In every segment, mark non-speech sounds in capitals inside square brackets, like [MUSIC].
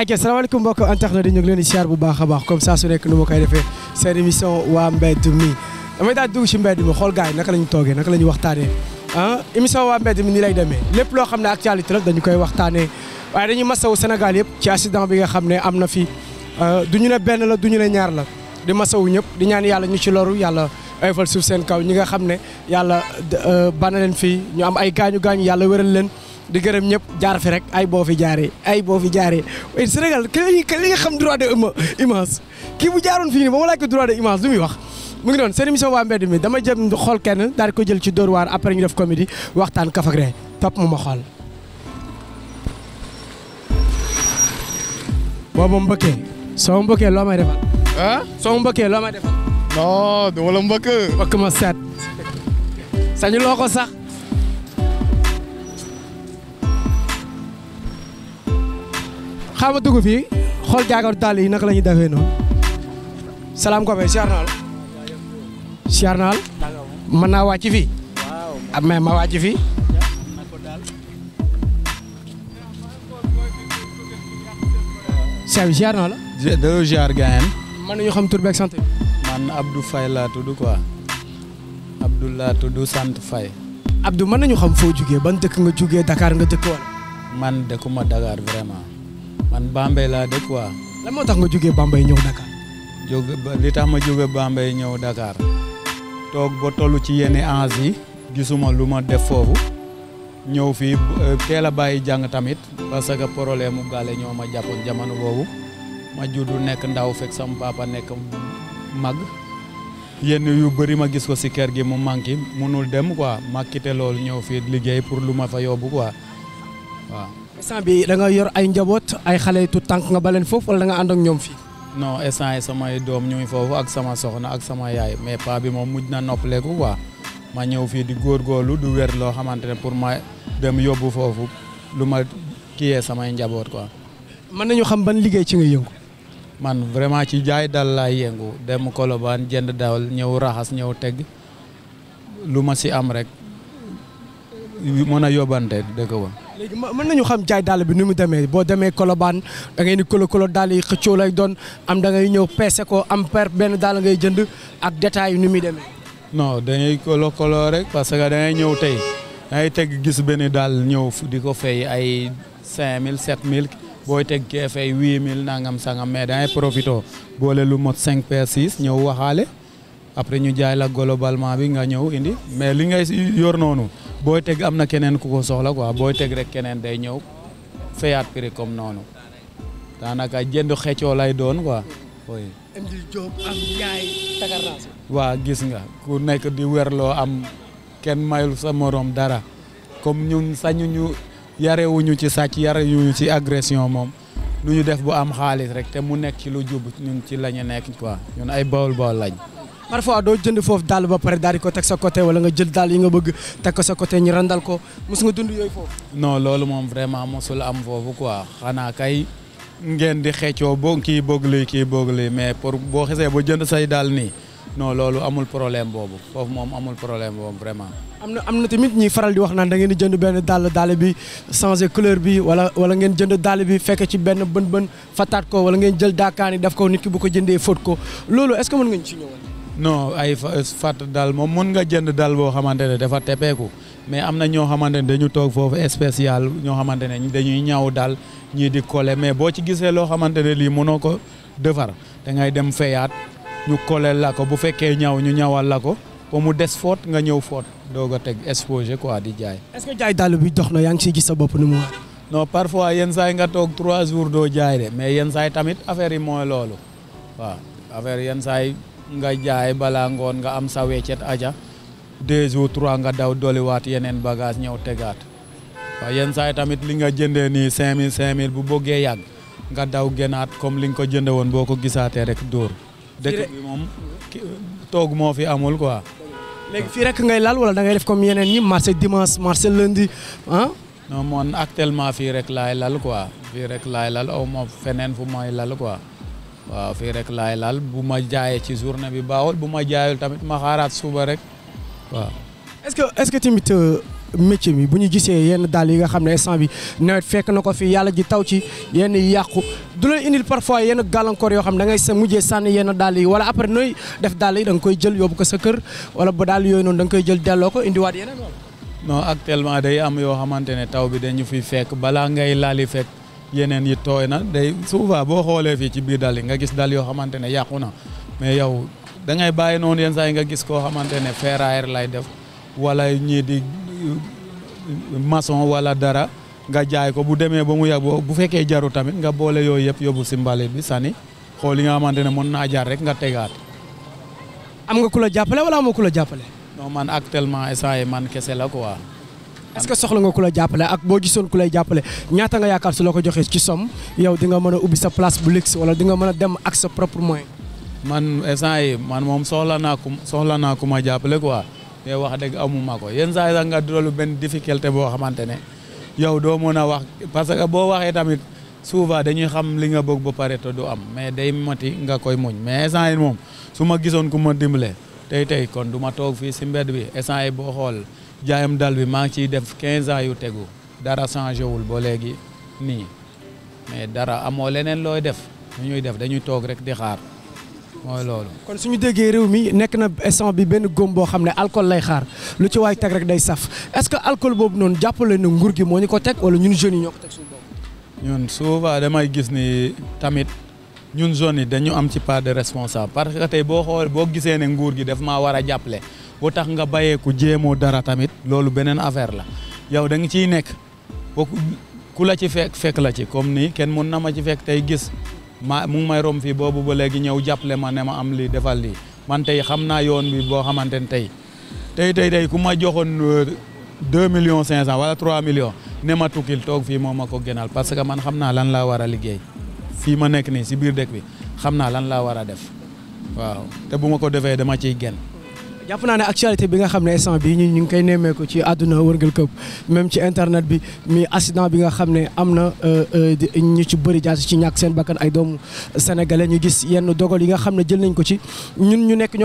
ayca salaamaaleykum mbokk internet yi ñu ngi leen di siyaar bu baax a baax comme ça su nekk nu ma koy defee seen émission waa mbedd mi damay daal dugg ci mbedd mi xool gars yi naka lañu ñu toogee naka la ñu waxtaanee ah waa mbedd mi nii lay demee lépp loo xam ne actualité la dañu koy waxtaanee waaye dañuy masawu senegal yëpp ci accident bi nga xam ne am na fi ah, du ñu ne benn la du ñu ne ñaar la di masawu ñëpp di ñaan yàlla ñu ci loru yàlla oyofal suuf seen kaw ñi nga xam ne yàlla ah, bana leen fii ñu am ay gaañu gaañu yàlla wéral leen di gërëm ñëpp jaar fi rek ay boo fi jaaree ay boo fi jaaree Sénégal ka li nga xam droit de image kii bu jaaroon fii nii ba ma laaj ko droit de image lu muy wax mu ngi doon seen émission waa mbedd mi dama jëm xool kenn daal di ko jël ci Dóor waar après ñu def comédie waxtaan kaf ak ree topp ma xool. boo ma mbëkkee soo mbëkkee loo may fa ah soo mbëkkee loo may defal. non du wala mbëkk. mbëkk ma set sañu loo ko sax. xam nga dugg fii xool jaagaru dàll yi naka la ñuy defee noonu salaam ko fay siyaar naa la siyaar naa la mën na wàcc fii ab ah, mais ma wàcc fii sëñ bi siyaar naa la. delloo siyaar gaayen. mën nañu xam tur beeg sant bi. man Abdou Faye laa tudd sant Faye. Abdou mën nañu xam foo jugee ban dëkk nga jugee Dakar nga dëkk wala. man dëkkuma Dakar vraiment. man bambay la de quoi. la motax nga jógee bambay ñëw Dakar. jóge li tax ma jóge bambay ñëw Dakar tok bo tollu ci yene anzi gisuma luma def fofu ñëw fi euh, teel a bàyyi tamit parce que problème galé ñoma ñoo jamono ma juddu nek ndaw fek sam papa nek mag Yen yu bari ma gis ko ci kër gi mu manki munul dem quoi ma quitté ligai ñëw fi liggéey pour luma fa yobbu quoi instant bi da nga yor ay njaboot ay xale tu tànk nga baleen foofu wala da nga ànd ak ñoom fii. non instant yi samay doom ñu ngi foofu ak sama soxna ak sama yaay mais pa bi moom mujj na noppaleeku quoi ma ñëw fii di góor góorgóorlu du wér loo xamante ne pour ma dem yóbbu foofu lu ma kiyee samay njaboot quoi. mën nañu xam ban liggéey ci nga yëngu. man vraiment ci jaay dal laay yëngu dem Colobane jënd dawal ñëw raxas ñëw teg lu ma si am rek mën a yóbbante dëkk ba. léegi ma mën nañu xam jaay dàll bi nu mu demee boo demee kolobaan da ngay ni kolo kolo dàll yi xëccoo lay doon am da ngay ñëw peese ko am per benn dàll ngay jënd ak détail yi ni muy demee. no dañuy kolo kolo rek parce que da ngay ñëw tey da ngay teg gis benn daal ñëw di ko fay ay 5000 7000 booy teg kee fay 8000 nangam sangam mais da ngay boole lu mot 5 per 6 ñëw waxaale. après ñu jaay la globalement bi nga ñëw indi mais li ngay yor noonu booy teg am na keneen ku ko soxla quoi booy teg rek keneen day ñëw fayaat prix comme noonu daanaka jënd xeccoo lay doon quoi. indi waa gis nga ku nekk di loo am kenn mayul sa morom dara comme ñun sañuñu yarewuñu ci sàcc yarewuñu ci agression moom nu ñu def bu am xaalis rek te mu nekk ci lu jub ñun ci la ñu nekk quoi ñun ay bawol bawol lañ. parfois doo jënd foofu daal ba pare daal ko teg sa côté wala nga jël daal yi nga bëgg teg ko sa côté ñu randal ko mos nga dund yooyu foofu. non loolu moom vraiment mosul am foofu ko xanaa kay ngeen di xeecoo boo kii bëgg luy kii bëgg mais pour boo xesee ba jënd say daal nii no loolu amul problème boobu foofu moom amul problème boobu vraiment. am na am na tamit ñuy faral di wax naan da ngeen di jënd benn dàll dàll bi changer couleur bi wala wala ngeen jënd dàll bi fekk ci benn bën bën fataat ko wala ngeen jël daakaani daf ko nit ki bu ko jëndee fóot ko loolu est-ce que ci ñëwal non ay fàtt daal moom mun nga jënd daal boo xamante ne dafa tepeeku mais am na ñoo xamante ne dañu toog foofu spécial ñoo xamante ne dañuy ñaw daal ñii di kole mais boo ci gisee loo xamante ne lii mënoo ko defar da ngay dem feyaat ñu kole la ko bu fekkee ñaw ñu ñawal la ko ba mu des foot nga ñëw foot doog a teg exposé quoi di jaay. est-ce que jaay dàll bi dox na yaa ngi siy gis sa bopp nu mu war. non parfois yenn saa nga toog trois jours doo jaay de mais yenn saa yi tamit affaire yi mooy loolu waaw affaire yenn saa yi nga jaay balaa ngoon nga am sa weccet aja deux jours trois nga daw doliwaat yeneen bagage ñëw tegaat waaw yenn saa yi tamit li nga jëndee nii cinq mille cinq mille bu bëggee yàgg nga daw genaat comme li nga ko jënde woon boo ko gisaatee rek dóor dëkk bi moom toog moo fi amul quoi léegi fii rek ngay laal wala da def comme yeneen ñi marché dimanche marché lundi ah non moom actuellement fii rek laay lal quoi fii rek laay lal aw moom feneen fu mooy lal quoi waaw fii rek laay laal bu ma jaayee ci journée bi baaxul bu ma jaayul tamit ma xaaraat suba rek waaw. est-ce que est-ce que tamit euh, bi bu ñu gisee yenn daal yi nga xam ne instant bi nawet fekk na ko fi yàlla ji taw ci yenn yàqu du leen indil parfois yenn gàllankoor yoo xam ne da ngay sa mujjee yenn daal yi wala après nooy def daal yi koy jël yóbbu ko sa kër wala ba daal yooyu noonu da koy jël delloo ko indiwaat yeneen non actuellement day am yoo xamante ne taw bi dañu fiy fekk balaa ngay laali fekk yeneen yi tooy na day souvent boo xoolee fii ci biir dal yi nga gis dal yoo xamante ne yàqu na mais yow da ngay bàyyi noonu yenn saa yi nga gis koo xamante ne ferrailleur lay def wala ñii di euh, maçon wala dara nga jaay ko bu demee ba mu yàgg bu fekkee jaru tamit nga boole yooyu yëpp yóbbu si mbalit bi sani xool li nga xamante ne mën naa jaar rek nga tegaat. am nga ku la jàppale wala amoo ku la jàppale. non man actuellement instant man kese la quoi. est-ce que soxla nga kula jappalé ak bo gisoon kula jappalé ñaata nga yaakaar su lako joxé ci som yow di nga mëna ubi sa place bu luxe wala di nga mëna dem ak sa propre moyen. man instant yi man mom soxla na ku soxla na ku ma jappalé quoi mais wax dëgg amuma ko yenn saa nga dolu ben difficulté bo xamante ne yow do mëna wax parce que bo waxé tamit souvent dañuy xam li nga bëgg ba paré to do am mais day mati nga koy muñ mais instant yi moom su ma ku ma dimbalé tay tay kon duma tok fi ci bi instant yi jaayam dal bi maa ngi ciy def quinze ans yu tegu dara changé wul ba léegi nii mais dara amoo leneen looy def ñu ñuy def dañuy toog rek di xaar mooy loolu. kon suñu déggee réew mi nekk na instant bi benn góom boo xam ne alcool lay xaar lu ci waay teg rek day saf est-ce que alcool boobu noonu jàppale na nguur gi moo ñu ko teg wala ñun jeunes yi ñoo ko teg suñu bopp. ñun souvent damay gis ni tamit ñun jeunes yi dañu am ci part de responsable parce que tey boo xool boo gisee ne nguur gi daf maa war a jàppale. boo tax nga bàyyeeku jéemoo dara tamit loolu beneen affaire la yow da nga ciy nekk ku la ci fekk fekk la ci comme nii kenn mun na ma ci fekk tey gis ma mu ngi may rom fii boobu ba léegi ñëw jàppale ma ne ma am li defal lii man tey xam naa yoon bi boo xamante ne tey tey tey tey ku ma joxoon euh, deux million cinq cent wala trois million ne ma tukkil toog fii moo ma ko gënal parce que man xam naa lan laa war a liggéey fii ma nekk nii si biir dëkk bi xam naa lan laa war a def waaw te bu ma ko defee dama ciy génn y a actualité bi nga xam ne ñu ngi koy ko ci àdduna wërgal këpp même ci internet bi mi accident bi nga xam ne am euh, euh, ñu ci bëri jaasi ci ñàkk seen bakkan ay doomu sénégalais ñu gis yenn dogal yi nga jël nañ ko ci ñun ñu nekk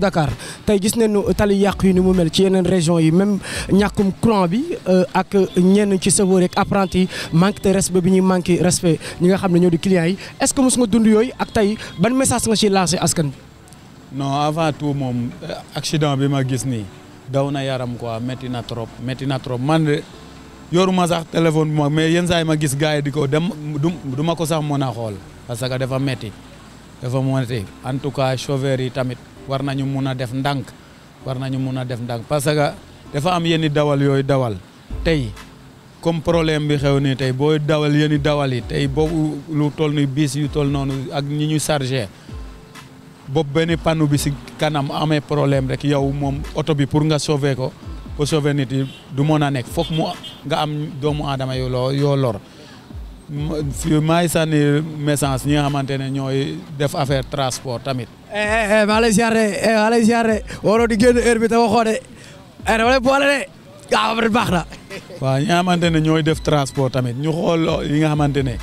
Dakar tey gis nañu tali yàq yi ni mel ci région même bi euh, ak ñenn ci apprenti manque de respect bi ñuy respect ñi nga xam ñoo di clients yi est-ce que mos nga dund yooyu ak tey ban message nga de lancer askan non avant tout moom euh, accident bi ma gis nii daw na yaram quoi métti na trop métti na trop man de yoruma sax téléphone bu ma mais yenn saa yi ma gis gars yi di ko dem du ma ko sax mën a xool parce que dafa métti dafa métti en tout cas chauffeur yi tamit war nañu mun a def ndànk war nañu mun a def ndànk parce que dafa am yenni dawal yooyu dawal tey comme problème bi xew nii tey booy dawal yenn dawal yi tey boobu lu toll ni biis yu toll noonu ak ñi ñu chargé bopp benn panneau bi si kanam amee problème rek yow moom oto bi pour nga sauver ko pour sauver nit du mën a nekk foog mu nga am doomu aadama yoo lor yoo lor messange ñi nga xamante ne ñooy def affaire transport tamit. Eh, eh, eh, maa lay ziar di génn heure bi te waxoo baax na. waaw ñi nga xamante def transport tamit ñu xool yi xamante ne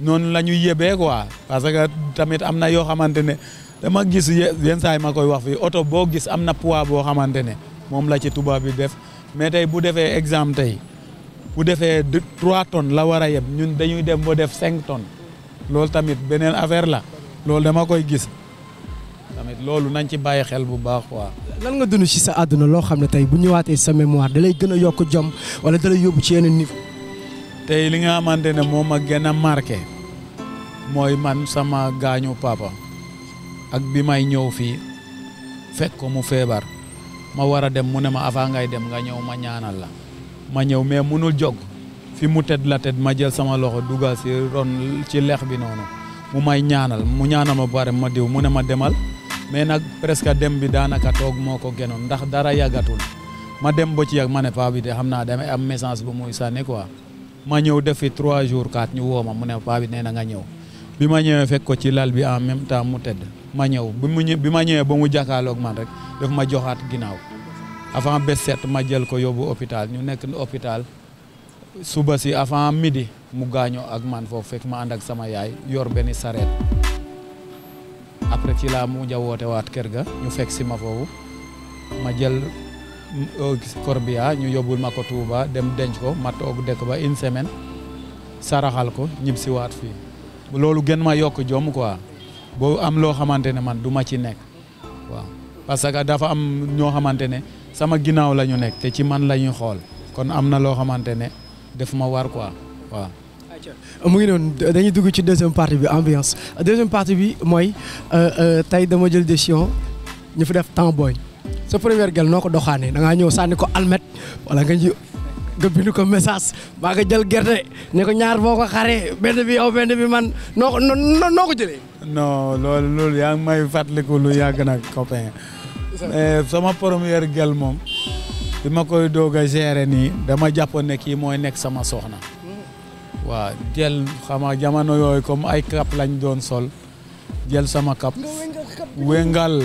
noon la ñuy yebee quoi parce que tamit am na yoo xamante ne. dama gis yenn saa ma koy wax fii oto boo gis am na poids boo xamante ne moom la ci tubaab bi def mais tey bu defee exemple tey bu defee trois tonnes la war a yeb ñun dañuy dem boo def cinq tonnes loolu tamit beneen affaire la loolu dama koy gis tamit loolu nañ ci bàyyi xel bu baax quoi. lan nga dund ci sa àdduna loo xam ne tey bu ñëwaatee sa mémoire da lay gën a yokk jom wala da lay yóbbu ci yeneen niveau. tey li nga xamante ne moom a gën a marqué mooy man sama gaañu papa. ak bi may ñew fi fekk ko mu febar ma wara dem mu ne ma avant ngay dem nga ñew ma ñaanal la ma ñew mais munul jog fi mu tedd la tedd ma jël sama loxo dugal si ron ci lex bi noonu mu may ñaanal mu ñaanal ma bare ma diw mu ne ma demal mais nag presque dem bi daanaka toog moo ko gënoon ndax dara yàggatul ma dem ba ci yàgg ma ne bi de xam naa am message bu muy sànni quoi ma ñëw def fi trois jours quatre ñu woo ma mu ne pa bi nee na nga ñëw bi ma fekk ko ci lal bi en même temps mu tedd ma ñëw bi mu bi ma ñëwee ba mu jàkkaarloog man rek daf ma joxaat ginnaaw avant bés set ma jël ko yóbbu hôpital ñu nekk hôpital suba si avant midi mu gaañoo ak man foofu ma ànd ak sama yaay yor benn sareet après ci laa mu jawoote waat kër ga ñu fekk si ma foofu ma jël euh, corbia ñu yóbbul ma ko Touba dem denc ko ma toog dëkk ba une semaine saraxal ko ñib si waat fi loolu gën ma yokk jom quoi boo am loo xamante ne man du ci nekk waaw parce que dafa am ñoo xamante ne sama ginnaaw la nekk te ci man la ñuy xool kon am na loo xamante ne def ma war quoi waaw. mu ngi noonu dañuy dugg ci deuxième partie bi ambiance deuxième partie bi mooy euh, euh, tey dama jël décision ñu fi def temps booy sa première gel noo ko doxaanee da ngaa ñëw sànni ko almet wala nga ji nga ko message ba nga jël gerte ne ko ñaar boko xaré benn bi yow benn bi man noko ko jëlé no non loolu loolu ya ngi may fàttaliku lu yag nak copain. sama première gel mom, di koy doga géré ni kimo dama jappone ki moy nek sama soxna. Hmm. wa jël xama jamano yoy comme ay cap lañ doon sol jël sama cap. wengal,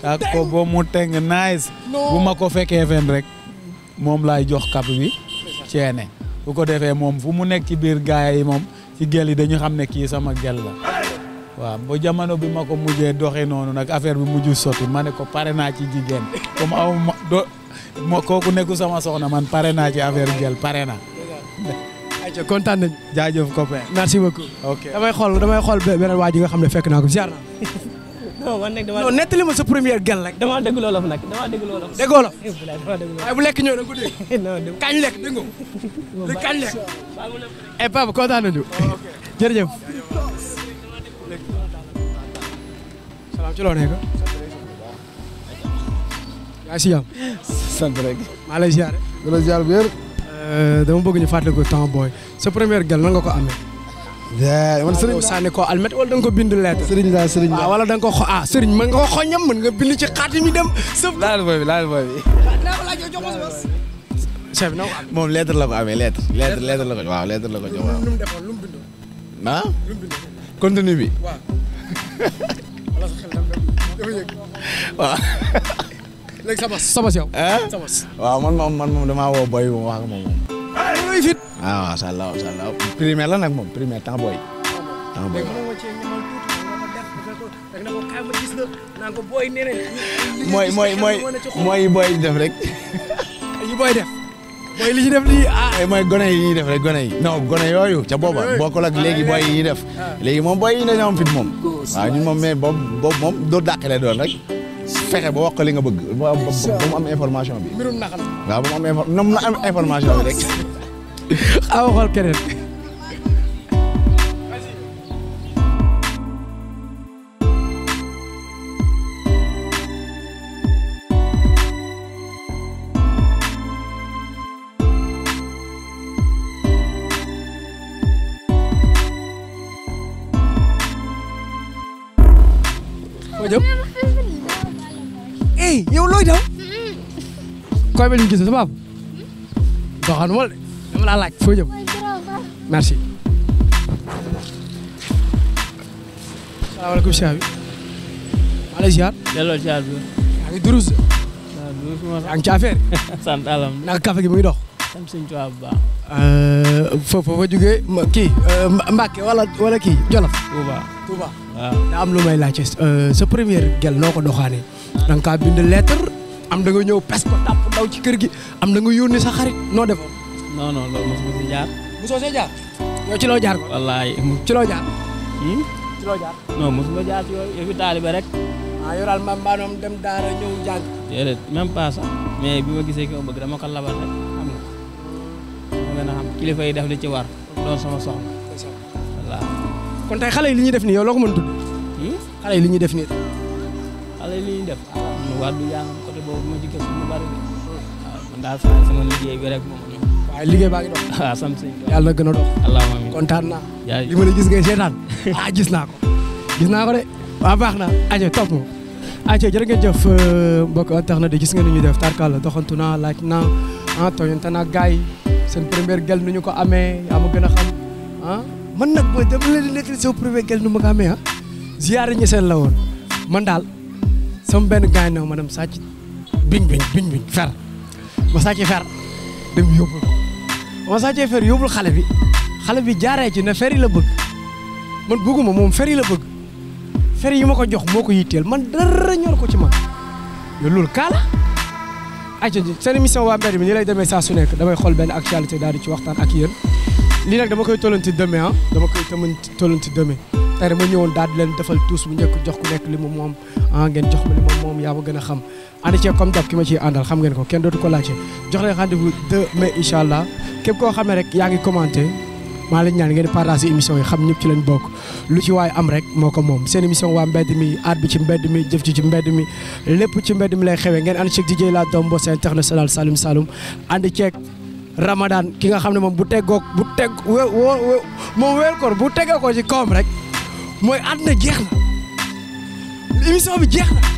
tak ko bo mu teng nice. bu ko fen rek. moom laay jox kàpp bi ceene bu ko defee moom fu mu nekk ci biir gaay yi moom ci gel yi dañu xam ne kii sama gel la waaw ba jamono bi ma ko mujjee doxee noonu nag affaire bi mujj sotti ma ne ko pare naa ci jigéen comme aw ma do ma kooku nekku sama soxna man pare naa ci affaire gel pare naa. ayca kontaan nañu. jaajëf copain. merci beaucoup. ok damay xol damay xool beneen waa ji nga xam ne fekk naa ko ziar naa. [LAUGHS] non man nag damaa non nettali ma sa première gan rek. damaa dégg loolof nag eh, damaa dégg loolof. déggoo la waaye bu lekk ñëw da nga ko dégg. non dégg kañ lekk dégg nga [LAUGHS] kañ lekk. eh Pape kontaan nañu. Oh, jërëjëf. salaam ci loo nekk. yaa si yam. sant rek. maa lay ziar. ma lay ziar bu yër. Euh, dama bëgg ñu fàttaliku temps booy sa première gan nan nga ko amee. man sëriñ sànni ko almet wala da nga ko bind lettre sëriñ la sëriñ la ah, wala da ah, nga ko xo nga ko ci xaati dem sëf laal booy bi laal booy moom lettre la ko amee lettre lettre la ko waaw lettre la ko jox waaw lu mu defoon lu man man moom damaa woo boy bu ma moom ay fit waaw sàllaaw la nag moom primaire temps booy temps mooy mooy mooy mooy yi booy def rek yi booy def mooy li ñu def ah. yi ñuy def rek gone yi non gone yooyu ca booba bokkul ak léegi booy yi ñuy def ah. léegi moom booy yi dañoo am fit moom waaw ah, ñun moom mais boobu boobu moom doo dàqale doon rek fexe ba wax ko li nga bëgg ba mu am information bi waaw ba mu am information rek xaw ma xool keneen. koy be ñu gis sama baab doxaan laa laaj foo jëm merci. salaamaaleykum Cheikh bi. maa lay ziar. delloo ziar bi. yaa ngi durus. waaw durus moo yaa ngi ci affaire. [LAUGHS] sant alam. naka café gi mu ngi dox. sant suñu tubaab bu baax. Euh, foofu fa jógee kii euh, Mbacke wala wala kii Jolof. Touba Touba. waaw daa am lu may laajte euh, sa première gel noo ko doxaanee. da nga kaa bind lettre am da nga ñëw pes ko tàpp ndaw ci kër gi am da nga yónni sa xarit noo defoon. non non loolu mosuma si jaar. mosoo see jaar. yow ci loo jaar ko. wallaay ci loo jaar. Hmm? ci loo jaar. non mosuma jaar ci ya, yooyu yëfi taalibe rek. ah yow daal man maanaam dem daara ya, ñëw jàng. déedéet même pas ah. ya, sax mais bi ma gisee ki ma bëgg dama ko labal rek xam nga. mu gën a xam kilifa yi def li ci war. doon sama soxna. voilà. kon tey xale yi li ñuy def nii yow loo ko mën tudd. Hmm? xale yi li ñuy def nii. xale yi li ñuy def. ah man wàllu yaa côté boobu ma ci gëstu bari de. waaw man daal sama liggéey bi rek moom waaye liggéey baa ngi dox. ah [LAUGHS] sant yàlla na gën a dox. kontaan naa. li ma gis ngay seetaan [LAUGHS] ah gis naa ko. gis naa ko de waaw baax na ajo topp ma ajo jërë ngeen jëf euh, mbokk tax na de gis nga ni ñu def tarkal doxantu naa laaj na ah tooñante naa seen première gel nu ñu ko amee yaa ma gën a xam ah man nag booy dama leen di nekk première gel nu ma amee ah ziyaare ñi la woon man daal sama benn gars yi ne ma dem sàcc biñ biñ fer ma sàcc fer dem yóbbu Wasaare Fer yóbbul xale bi xale bi jaaree ci ne Fer yi la bëgg man bëgguma moom Fer yi la bëgg Fer yi ma ko jox moo ko yitteel man dara ñor ko ci man yow loolu kaala. ayca seen émission waa mbedd bi ni lay demee saa su nekk damay xool benn actualité daal di ci waxtaan ak yéen lii nag dama koy tollanti demee ah dama koy tollanti demee tey dama ñëwoon daal di leen defal tuus bu njëkk jox ku nekk li mu moom ah ngeen jox ma li ma moom yaa ma gën a xam ànd ceeg comme dab ki ma ciy àndal xam ngeen ko kenn dootu ko laajte jox leen rendez-vous demain incha allah. képp koo xamee rek yaa ngi commenté maa lañ ñaan ngeen partage émission yi xam ñëpp ci lañ bokk lu ci waay am rek moo ko moom seen émission waa mbedd mi aat bi ci mbedd mi jëf ji ci mbedd mi lépp ci mbedd mi lay xewee ngeen ànd ceeg DJ la doom Boss international Saloum Saloum ànd ceeg Ramadan ki nga xam ne moom bu teggoog bu teg woo moom wéer koor bu teggee koo ci koom rek mooy ànd na jeex na émission bi jeex na